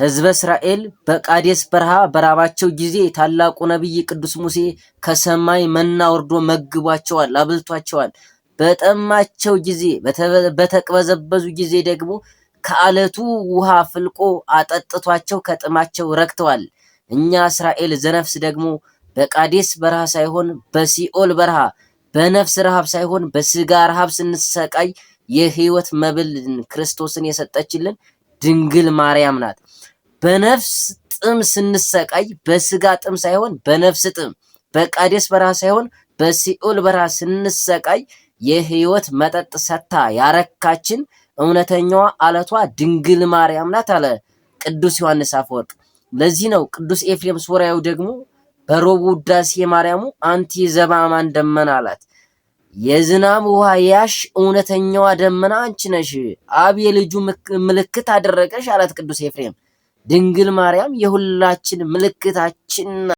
ሕዝበ እስራኤል በቃዴስ በረሃ በራባቸው ጊዜ ታላቁ ነቢይ ቅዱስ ሙሴ ከሰማይ መና ወርዶ መግቧቸዋል፣ አብልቷቸዋል። በጠማቸው ጊዜ፣ በተቅበዘበዙ ጊዜ ደግሞ ከአለቱ ውሃ ፍልቆ አጠጥቷቸው ከጥማቸው ረክተዋል። እኛ እስራኤል ዘነፍስ ደግሞ በቃዴስ በረሃ ሳይሆን በሲኦል በረሃ በነፍስ ረሃብ ሳይሆን በስጋ ረሃብ ስንሰቃይ የህይወት መብል ክርስቶስን የሰጠችልን ድንግል ማርያም ናት። በነፍስ ጥም ስንሰቃይ በስጋ ጥም ሳይሆን በነፍስ ጥም በቃዴስ በረሃ ሳይሆን በሲኦል በረሃ ስንሰቃይ የህይወት መጠጥ ሰታ ያረካችን እውነተኛዋ አለቷ ድንግል ማርያም ናት አለ ቅዱስ ዮሐንስ አፈወርቅ። ለዚህ ነው ቅዱስ ኤፍሬም ሶርያዊ ደግሞ በሮቡ ውዳሴ ማርያሙ አንቲ ዘባማን ደመና አላት። የዝናብ ውሃ ያሽ እውነተኛዋ ደመና አንቺ ነሽ፣ አብ የልጁ ምልክት አደረገሽ አላት ቅዱስ ኤፍሬም። ድንግል ማርያም የሁላችን ምልክታችን